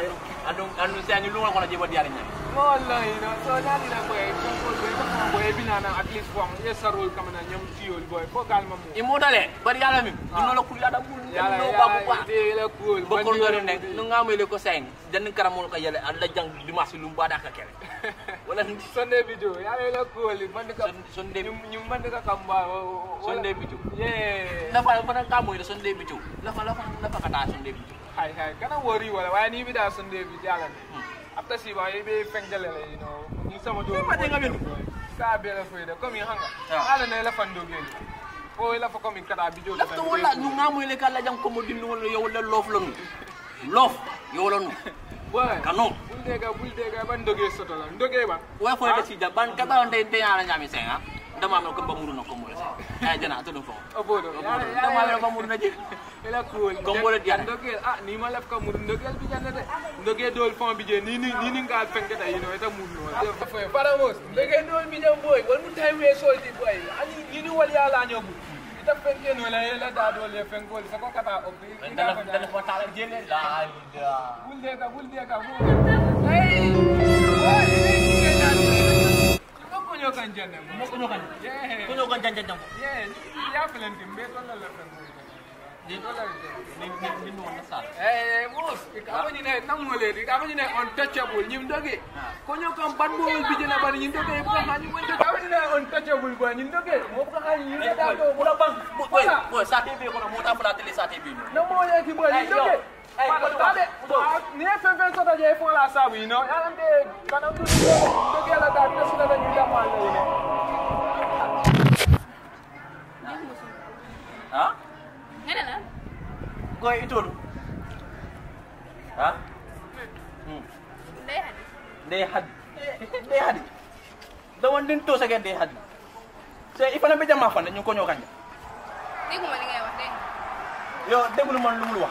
andu siani lunga kono jebo diari nyai wallahi no so dali na boy ko ko binana at least fo ye sarul kamana nyam tiol boy ko gal mamu imodale bari yala mi no la kul yada bul no ba bu ba sen den karamul ka yale alla jang dimas lu ba da ka kele wala video yala la kul bandi ka sonde video ye la fa fa kamu sonde video la fa la fa kata sonde video hai hai, kana wori wala way ni bida sun de bi jalan after si bay be fengale la you know ni sama do ma de ngamin ka be la fay de comme hanga ala ne la fando gel ko la fa comme kata bi do la to wala ñu ngamoy le kala jam ko mo dindu wala yow la lof la lof yow la nu kanu buldega buldega ban doge soto la doge ba wa fo da ci jaban kata on de de ala nyami sen ha ndamaamen ko mbamuruno kombole eh, oh, oh, ah, bi jana to ɗum fon oboɗo ndamaamen mbamuru naji ela kuwol kombole diyata dogel a nima lef ka muru dogel bijande de doge dool fon bije nini nini ngal fengeta yino eta murno paramos doge dool bijam boy wonmu tawwe soldi boy ani yini wal yalañogu ita fenken wala ela da dool e fengol soko kata oɓɓe fo tala jele la wulde ka wulde ka fo ay ñokan jandam mo ko ñokan ko ñokan janjan ya pelan tim be to la la fen ni ni na eh mos ka ko ni ne tam mo le ka ko ni on touchable ñim doge mo bi jena ban doge ko ni ne on touchable ko doge mo ko ha ñim da do sa tv ko mo tam la télé sa tv no mo ye ki bo ñim doge Hey, but that is, near seven you know, and they cannot do the girl that just so that you get man, you know. Huh? Hah? Go Dehad. Dehad. Dehad. had. The one didn't toss again, they had. Say, if I'm a bit of a fan, Yo, they won't want to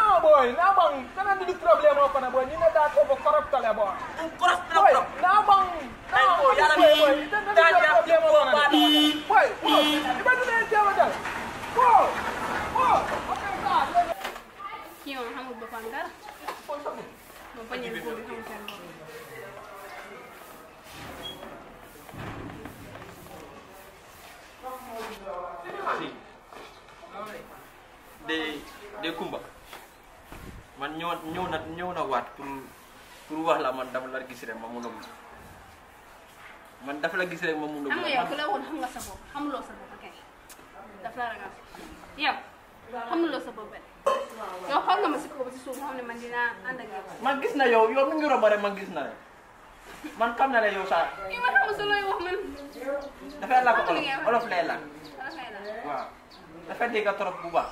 boy, now bang, kana duduk problem apa na boy? Ni na dat over corrupt tale boy. Tu corrupt na boy. Now bang, now boy, problem apa na boy? Boy, boy, di ba duduk dia macam? Boy, boy, okay sah. Kion, hamu bapak angkar. Bapak ni aku di hamu kan. They, they come ñoona ñoona ñoona waat pour pour wax la man dama la gis rek ma mun a man dafa la gis rek ma mun a. xam nga yow la woon xam nga sa bopp xamuloo sa bopp kay daf la ragal yow xamuloo sa bopp rek. yow nga ma si kaw si suuf xam ne man dinaa ànd ak yow. man gis na yow yow mi ngi rek man gis na rek man xam na la yow xam wax man. olof lay waaw dafa dégg trop bu baax.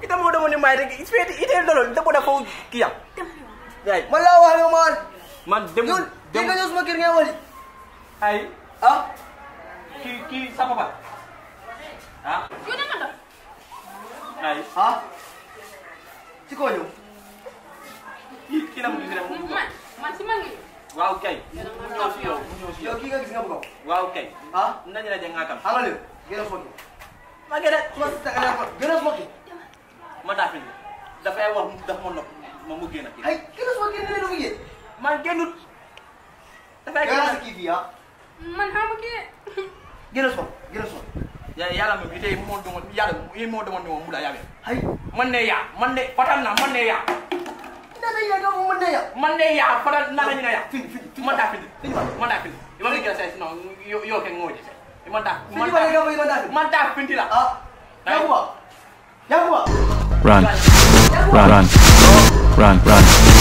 ita mo daw ni Mike expect itu daw ita po na ko kiya right malawa yo man man dem yun dem ka jos makir ngawal ay ah ki ki sa pa ha kau naman daw ay ha si ko yo ki ki na mo sila mo man man si mangi Wow, okay. Munyo siyo, Yo, kika gis nga bukaw. Wow, okay. Ha? Nanya na dyan nga kam. Hangalo, gano'n smoking. Maganda. Mas, gano'n ma daa fi dafay wax dafa ma nopp ma mu génn kii. ay kii la soo génnee lu mu yee. man génnut. dafay génn kii bi ah. man xam kii. génn sol génn sol. yàlla moom itay moo doon yàlla moom moo doon ñëwoon Mbula yaa bee. ay man ne yaa man ne fatal na man ne yaa. nee na yaa doomu man ne yaa. man ne yaa fatal naa la ñu ne yaa. fii fii man daa fi fii man daa fi i ma ngi gën a say sinon yoo yoo kenn moo jëse. man daa man daa fi man daa fi la. ah yaa ngi ko wax yaa ngi ko wax run, run, run, run, run. run.